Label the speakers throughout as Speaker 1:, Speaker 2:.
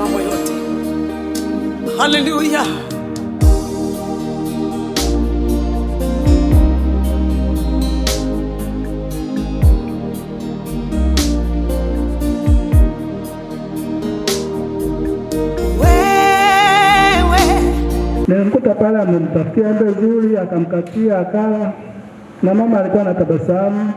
Speaker 1: mambo yote. Haleluya.
Speaker 2: Nilimkuta pale amemtafutia embe zuri, akamkatia akala, na mama alikuwa na tabasamu.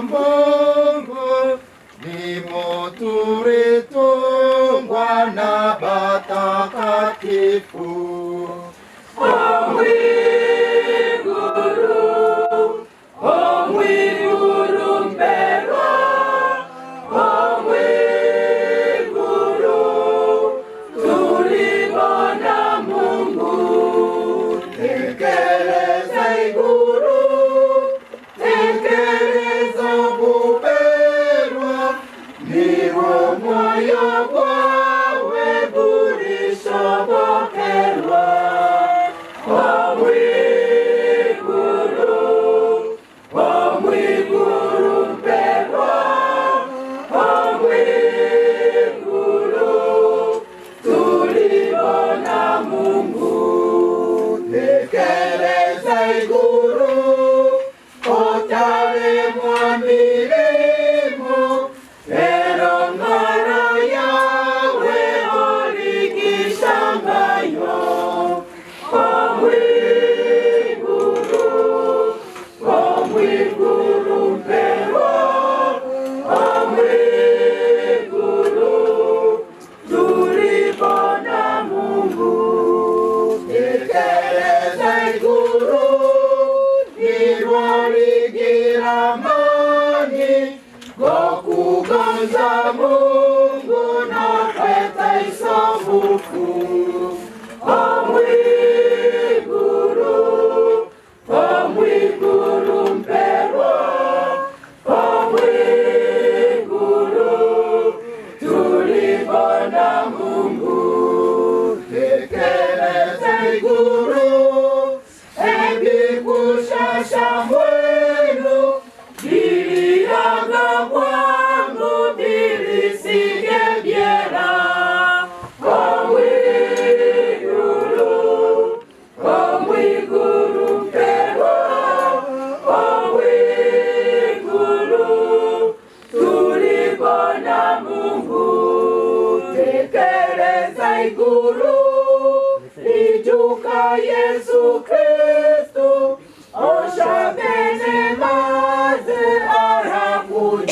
Speaker 3: Mungu ni moturi tungwa na batakatifu
Speaker 4: moving.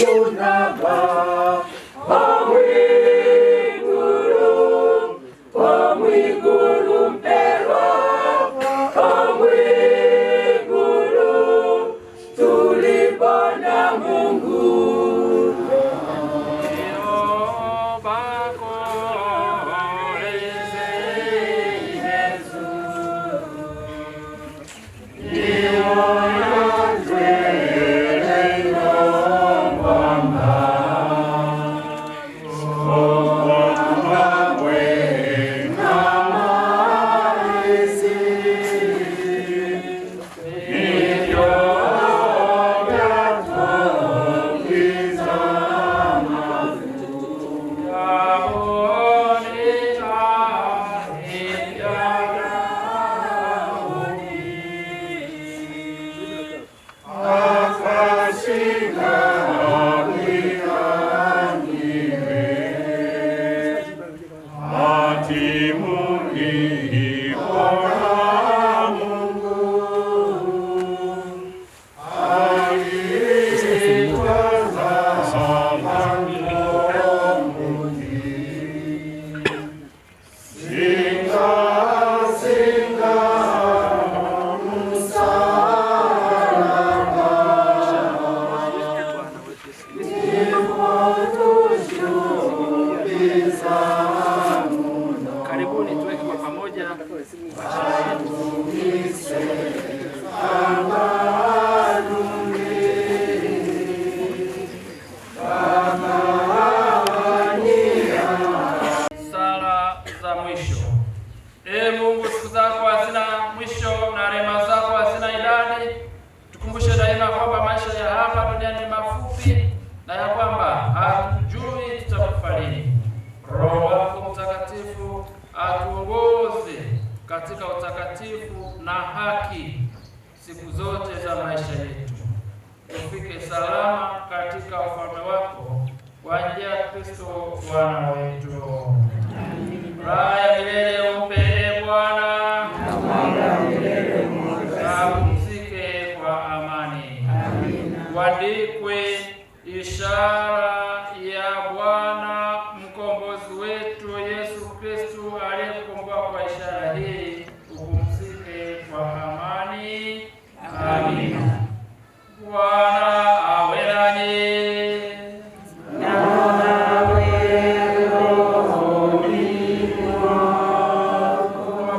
Speaker 5: your rabbi.
Speaker 6: utakatifu na haki siku zote za maisha yetu, tufike salama katika ufalme wako kwa njia ya Kristo Bwana wetu.
Speaker 7: Raha ya milele umpende Bwana, apumzike kwa amani. Wandikwe ishara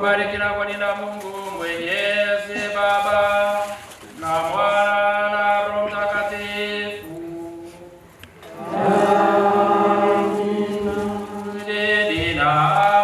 Speaker 8: Kubariki na kulinda Mungu Mwenyezi Baba na Mwana na Roho Mtakatifu. na amani.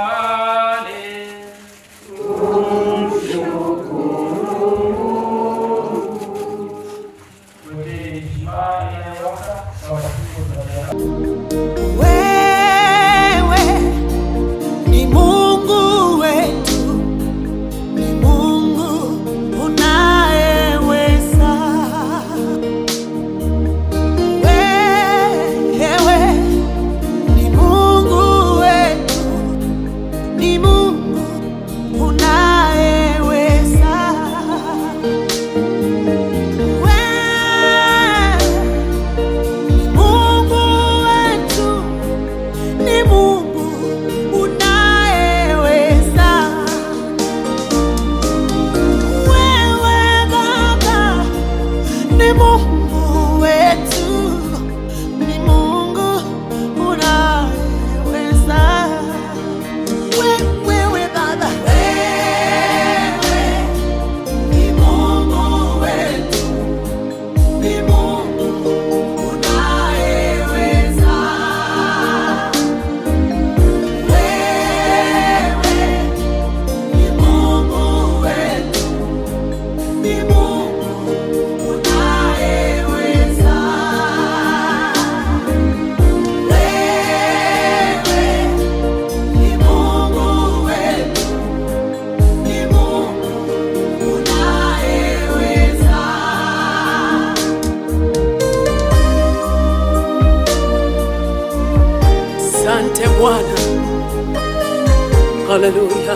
Speaker 1: Aleluya.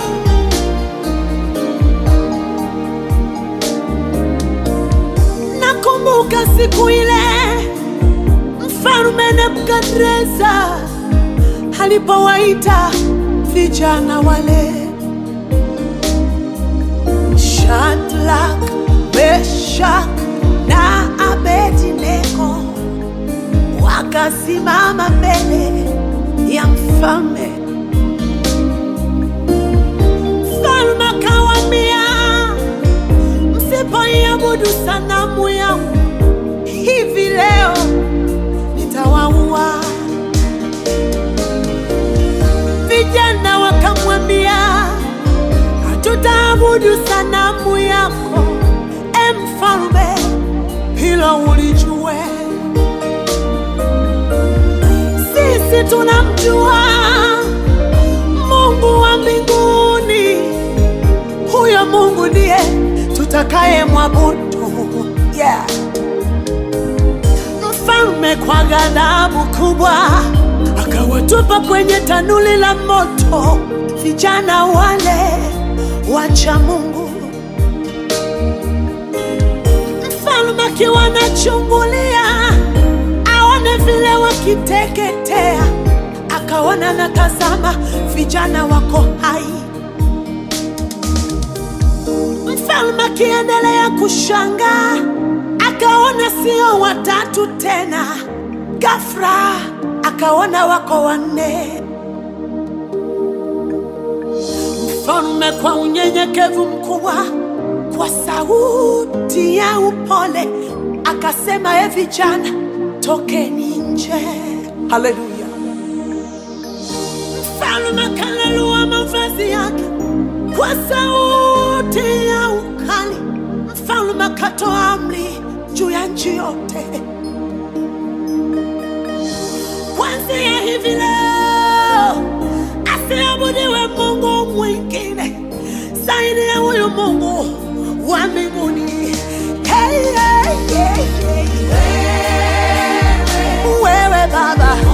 Speaker 1: Nakumbuka siku ile Mfalme Nebukadreza alipowaita vijana wale Shadraka, Meshaki na Abednego wakasimama mbele ya mfalme lazima ulijue, sisi tunamjua Mungu wa mbinguni, huyo Mungu ndiye tutakaye mwabudu yeah. Mfalme kwa ghadhabu kubwa akawatupa kwenye tanuli la moto vijana wale wacha Mungu Walubaki wanachungulia, aone vile wakiteketea, akaona na tazama, vijana wako hai. Mfalme akiendelea kushangaa, akaona sio watatu tena, ghafla akaona wako wanne. Mfalme kwa unyenyekevu mkubwa kwa sauti ya upole akasema, e vijana, tokeni nje. Haleluya! Mfalme akalelua mavazi yake kwa sauti ya ukali, mfalme akatoa amri juu ya nchi yote, kwanzia hivi leo asiabudiwe mungu mwingine zaidi ya huyu Mungu wa mbinguni hey, hey, yeah, yeah. Wewe Baba Mungu